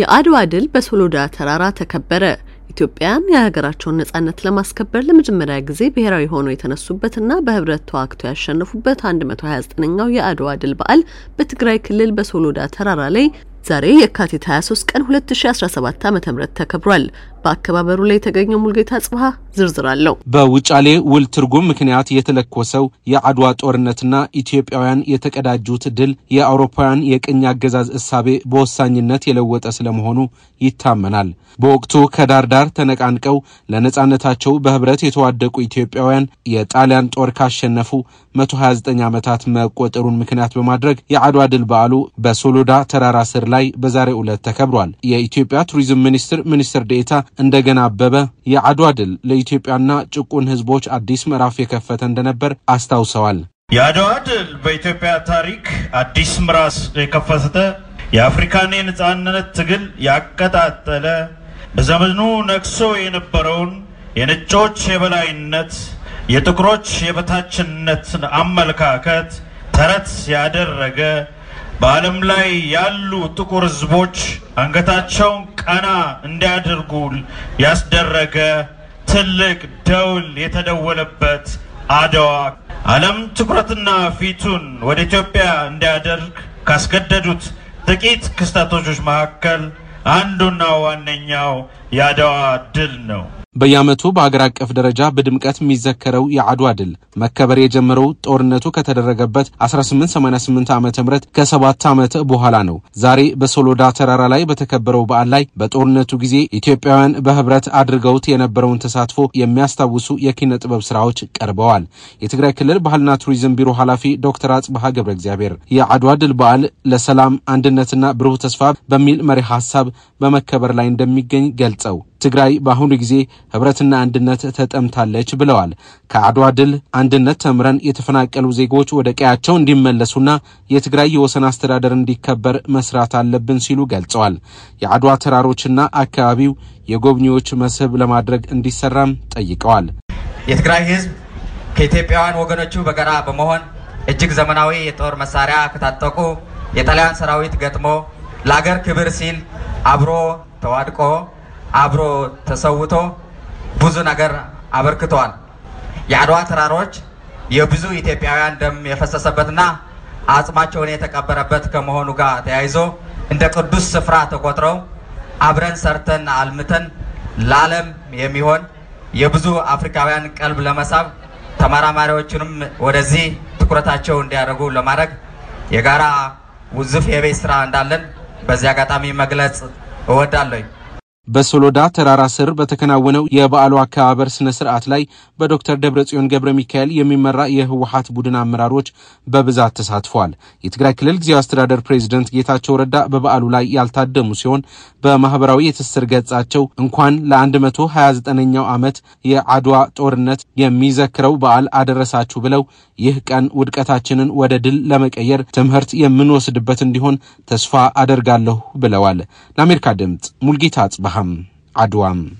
የአድዋ ድል በሶሎዳ ተራራ ተከበረ። ኢትዮጵያን የሀገራቸውን ነጻነት ለማስከበር ለመጀመሪያ ጊዜ ብሔራዊ ሆኖ የተነሱበትና በህብረት ተዋግተው ያሸነፉበት 129ኛው የአድዋ ድል በዓል በትግራይ ክልል በሶሎዳ ተራራ ላይ ዛሬ የካቲት 23 ቀን 2017 ዓ.ም ተከብሯል። በአከባበሩ ላይ የተገኘው ሙልጌታ ጽብሃ ዝርዝር አለው። በውጫሌ ውል ትርጉም ምክንያት የተለኮሰው የአድዋ ጦርነትና ኢትዮጵያውያን የተቀዳጁት ድል የአውሮፓውያን የቅኝ አገዛዝ እሳቤ በወሳኝነት የለወጠ ስለመሆኑ ይታመናል። በወቅቱ ከዳር ዳር ተነቃንቀው ለነጻነታቸው በህብረት የተዋደቁ ኢትዮጵያውያን የጣሊያን ጦር ካሸነፉ 129 ዓመታት መቆጠሩን ምክንያት በማድረግ የአድዋ ድል በዓሉ በሶሎዳ ተራራ ስር ላይ በዛሬው ዕለት ተከብሯል። የኢትዮጵያ ቱሪዝም ሚኒስቴር ሚኒስትር ዴኤታ እንደገና አበበ የአድዋ ድል ለኢትዮጵያና ጭቁን ህዝቦች አዲስ ምዕራፍ የከፈተ እንደነበር አስታውሰዋል። የአድዋ ድል በኢትዮጵያ ታሪክ አዲስ ምዕራፍ የከፈተ የአፍሪካን የነጻነት ትግል ያቀጣጠለ በዘመኑ ነግሶ የነበረውን የነጮች የበላይነት የጥቁሮች የበታችነት አመለካከት ተረት ያደረገ በዓለም ላይ ያሉ ጥቁር ህዝቦች አንገታቸውን ቀና እንዲያደርጉ ያስደረገ ትልቅ ደውል የተደወለበት አድዋ ዓለም ትኩረትና ፊቱን ወደ ኢትዮጵያ እንዲያደርግ ካስገደዱት ጥቂት ክስተቶች መካከል አንዱና ዋነኛው የአድዋ ድል ነው። በየዓመቱ በሀገር አቀፍ ደረጃ በድምቀት የሚዘከረው የአድዋ ድል መከበር የጀመረው ጦርነቱ ከተደረገበት 1888 ዓ ም ከሰባት ዓመት በኋላ ነው። ዛሬ በሶሎዳ ተራራ ላይ በተከበረው በዓል ላይ በጦርነቱ ጊዜ ኢትዮጵያውያን በህብረት አድርገውት የነበረውን ተሳትፎ የሚያስታውሱ የኪነ ጥበብ ስራዎች ቀርበዋል። የትግራይ ክልል ባህልና ቱሪዝም ቢሮ ኃላፊ ዶክተር አጽብሃ ገብረ እግዚአብሔር የአድዋ ድል በዓል ለሰላም አንድነትና ብሩህ ተስፋ በሚል መሪ ሀሳብ በመከበር ላይ እንደሚገኝ ገልጸው ትግራይ በአሁኑ ጊዜ ህብረትና አንድነት ተጠምታለች ብለዋል። ከአድዋ ድል አንድነት ተምረን የተፈናቀሉ ዜጎች ወደ ቀያቸው እንዲመለሱና የትግራይ የወሰን አስተዳደር እንዲከበር መስራት አለብን ሲሉ ገልጸዋል። የአድዋ ተራሮችና አካባቢው የጎብኚዎች መስህብ ለማድረግ እንዲሰራም ጠይቀዋል። የትግራይ ህዝብ ከኢትዮጵያውያን ወገኖቹ በጋራ በመሆን እጅግ ዘመናዊ የጦር መሳሪያ ከታጠቁ የጣሊያን ሰራዊት ገጥሞ ለአገር ክብር ሲል አብሮ ተዋድቆ አብሮ ተሰውቶ ብዙ ነገር አበርክተዋል። የአድዋ ተራሮች የብዙ ኢትዮጵያውያን ደም የፈሰሰበትና አጽማቸውን የተቀበረበት ከመሆኑ ጋር ተያይዞ እንደ ቅዱስ ስፍራ ተቆጥረው አብረን ሰርተን አልምተን ለዓለም የሚሆን የብዙ አፍሪካውያን ቀልብ ለመሳብ ተመራማሪዎችንም ወደዚህ ትኩረታቸው እንዲያደርጉ ለማድረግ የጋራ ውዝፍ የቤት ስራ እንዳለን በዚህ አጋጣሚ መግለጽ እወዳለሁ። በሶሎዳ ተራራ ስር በተከናወነው የበዓሉ አከባበር ስነ ስርዓት ላይ በዶክተር ደብረጽዮን ገብረ ሚካኤል የሚመራ የህወሀት ቡድን አመራሮች በብዛት ተሳትፏል። የትግራይ ክልል ጊዜያዊ አስተዳደር ፕሬዚደንት ጌታቸው ረዳ በበዓሉ ላይ ያልታደሙ ሲሆን በማህበራዊ የትስስር ገጻቸው እንኳን ለ129ኛው ዓመት የአድዋ ጦርነት የሚዘክረው በዓል አደረሳችሁ ብለው ይህ ቀን ውድቀታችንን ወደ ድል ለመቀየር ትምህርት የምንወስድበት እንዲሆን ተስፋ አደርጋለሁ ብለዋል። ለአሜሪካ ድምጽ ሙልጌታ አጽባ Abraham Adwam.